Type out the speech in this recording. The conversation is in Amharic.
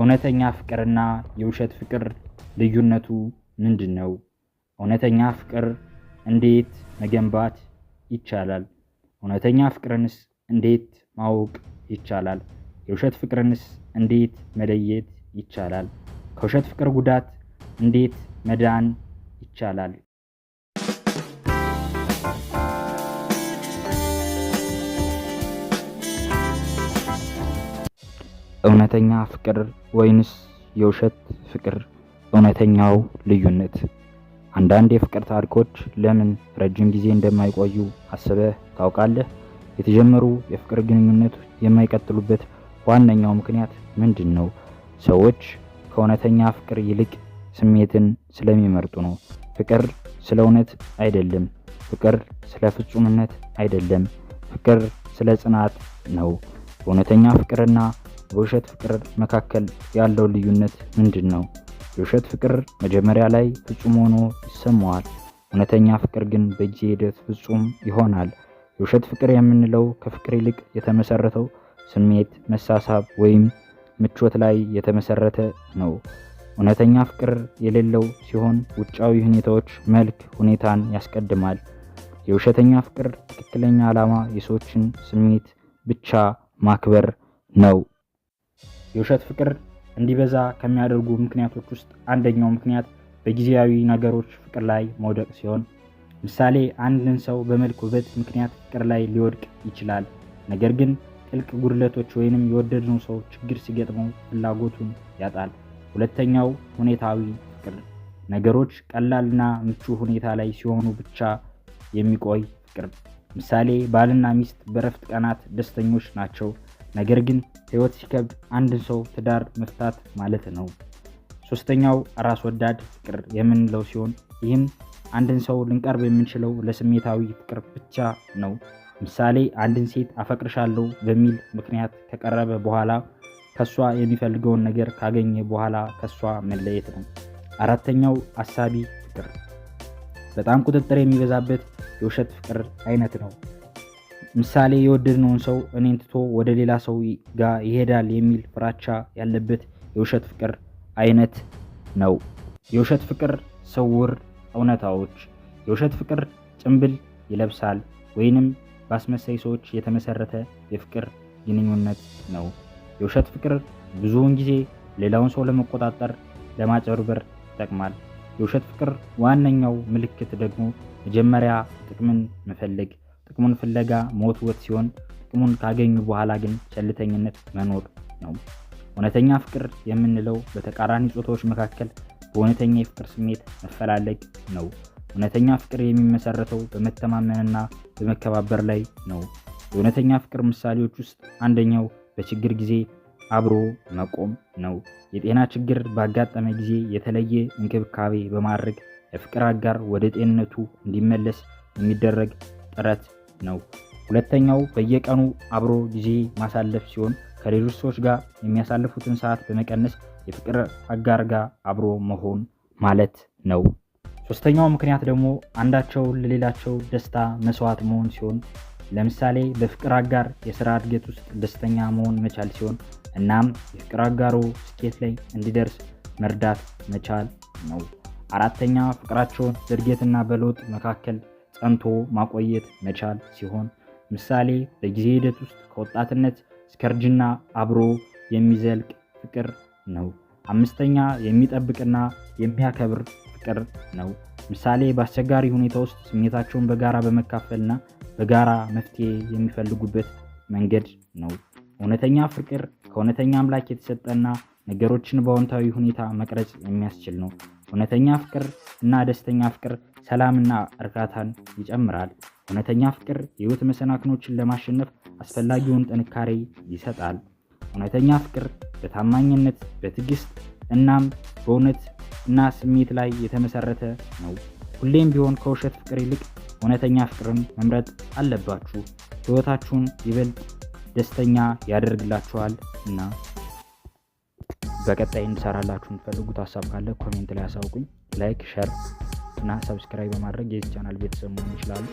እውነተኛ ፍቅርና የውሸት ፍቅር ልዩነቱ ምንድን ነው? እውነተኛ ፍቅር እንዴት መገንባት ይቻላል? እውነተኛ ፍቅርንስ እንዴት ማወቅ ይቻላል? የውሸት ፍቅርንስ እንዴት መለየት ይቻላል? ከውሸት ፍቅር ጉዳት እንዴት መዳን ይቻላል? እውነተኛ ፍቅር ወይንስ የውሸት ፍቅር? እውነተኛው ልዩነት። አንዳንድ የፍቅር ታሪኮች ለምን ረጅም ጊዜ እንደማይቆዩ አስበህ ታውቃለህ? የተጀመሩ የፍቅር ግንኙነት የማይቀጥሉበት ዋነኛው ምክንያት ምንድን ነው? ሰዎች ከእውነተኛ ፍቅር ይልቅ ስሜትን ስለሚመርጡ ነው። ፍቅር ስለ እውነት አይደለም። ፍቅር ስለ ፍጹምነት አይደለም። ፍቅር ስለ ጽናት ነው። እውነተኛ ፍቅርና በውሸት ፍቅር መካከል ያለው ልዩነት ምንድን ነው? የውሸት ፍቅር መጀመሪያ ላይ ፍጹም ሆኖ ይሰማዋል። እውነተኛ ፍቅር ግን በጊዜ ሂደት ፍጹም ይሆናል። የውሸት ፍቅር የምንለው ከፍቅር ይልቅ የተመሰረተው ስሜት፣ መሳሳብ ወይም ምቾት ላይ የተመሰረተ ነው። እውነተኛ ፍቅር የሌለው ሲሆን ውጫዊ ሁኔታዎች፣ መልክ፣ ሁኔታን ያስቀድማል። የውሸተኛ ፍቅር ትክክለኛ ዓላማ የሰዎችን ስሜት ብቻ ማክበር ነው። የውሸት ፍቅር እንዲበዛ ከሚያደርጉ ምክንያቶች ውስጥ አንደኛው ምክንያት በጊዜያዊ ነገሮች ፍቅር ላይ መውደቅ ሲሆን ምሳሌ አንድን ሰው በመልክ ውበት ምክንያት ፍቅር ላይ ሊወድቅ ይችላል። ነገር ግን ጥልቅ ጉድለቶች ወይንም የወደድነው ሰው ችግር ሲገጥመው ፍላጎቱን ያጣል። ሁለተኛው ሁኔታዊ ፍቅር፣ ነገሮች ቀላልና ምቹ ሁኔታ ላይ ሲሆኑ ብቻ የሚቆይ ፍቅር። ምሳሌ ባልና ሚስት በእረፍት ቀናት ደስተኞች ናቸው። ነገር ግን ህይወት ሲከብድ አንድን ሰው ትዳር መፍታት ማለት ነው። ሶስተኛው ራስ ወዳድ ፍቅር የምንለው ሲሆን ይህም አንድን ሰው ልንቀርብ የምንችለው ለስሜታዊ ፍቅር ብቻ ነው። ምሳሌ አንድን ሴት አፈቅርሻለሁ በሚል ምክንያት ከቀረበ በኋላ ከሷ የሚፈልገውን ነገር ካገኘ በኋላ ከሷ መለየት ነው። አራተኛው አሳቢ ፍቅር በጣም ቁጥጥር የሚበዛበት የውሸት ፍቅር አይነት ነው። ምሳሌ የወደድነውን ሰው እኔን ትቶ ወደ ሌላ ሰው ጋር ይሄዳል የሚል ፍራቻ ያለበት የውሸት ፍቅር አይነት ነው። የውሸት ፍቅር ስውር እውነታዎች። የውሸት ፍቅር ጭንብል ይለብሳል ወይንም በአስመሳይ ሰዎች የተመሰረተ የፍቅር ግንኙነት ነው። የውሸት ፍቅር ብዙውን ጊዜ ሌላውን ሰው ለመቆጣጠር፣ ለማጭበርበር ይጠቅማል። የውሸት ፍቅር ዋነኛው ምልክት ደግሞ መጀመሪያ ጥቅምን መፈለግ ጥቅሙን ፍለጋ መወትወት ሲሆን ጥቅሙን ካገኙ በኋላ ግን ቸልተኝነት መኖር ነው። እውነተኛ ፍቅር የምንለው በተቃራኒ ጾታዎች መካከል በእውነተኛ የፍቅር ስሜት መፈላለግ ነው። እውነተኛ ፍቅር የሚመሰረተው በመተማመንና በመከባበር ላይ ነው። የእውነተኛ ፍቅር ምሳሌዎች ውስጥ አንደኛው በችግር ጊዜ አብሮ መቆም ነው። የጤና ችግር ባጋጠመ ጊዜ የተለየ እንክብካቤ በማድረግ የፍቅር አጋር ወደ ጤንነቱ እንዲመለስ የሚደረግ ጥረት ነው። ሁለተኛው በየቀኑ አብሮ ጊዜ ማሳለፍ ሲሆን ከሌሎች ሰዎች ጋር የሚያሳልፉትን ሰዓት በመቀነስ የፍቅር አጋር ጋር አብሮ መሆን ማለት ነው። ሶስተኛው ምክንያት ደግሞ አንዳቸው ለሌላቸው ደስታ መስዋዕት መሆን ሲሆን ለምሳሌ በፍቅር አጋር የስራ እድገት ውስጥ ደስተኛ መሆን መቻል ሲሆን እናም የፍቅር አጋሮ ስኬት ላይ እንዲደርስ መርዳት መቻል ነው። አራተኛ ፍቅራቸውን በእድገትና በለውጥ መካከል ጸንቶ ማቆየት መቻል ሲሆን ምሳሌ በጊዜ ሂደት ውስጥ ከወጣትነት እስከ እርጅና አብሮ የሚዘልቅ ፍቅር ነው። አምስተኛ የሚጠብቅና የሚያከብር ፍቅር ነው። ምሳሌ በአስቸጋሪ ሁኔታ ውስጥ ስሜታቸውን በጋራ በመካፈልና በጋራ መፍትሄ የሚፈልጉበት መንገድ ነው። እውነተኛ ፍቅር ከእውነተኛ አምላክ የተሰጠና ነገሮችን በአዎንታዊ ሁኔታ መቅረጽ የሚያስችል ነው። እውነተኛ ፍቅር እና ደስተኛ ፍቅር ሰላምና እርካታን ይጨምራል። እውነተኛ ፍቅር የህይወት መሰናክኖችን ለማሸነፍ አስፈላጊውን ጥንካሬ ይሰጣል። እውነተኛ ፍቅር በታማኝነት፣ በትዕግስት እናም በእውነት እና ስሜት ላይ የተመሰረተ ነው። ሁሌም ቢሆን ከውሸት ፍቅር ይልቅ እውነተኛ ፍቅርን መምረጥ አለባችሁ። ህይወታችሁን ይበልጥ ደስተኛ ያደርግላችኋል እና በቀጣይ እንድሰራላችሁ የምትፈልጉት ሀሳብ ካለ ኮሜንት ላይ አሳውቁኝ። ላይክ፣ ሸር እና ሰብስክራይብ በማድረግ የዚህ ቻናል ቤተሰብ መሆን ይችላሉ።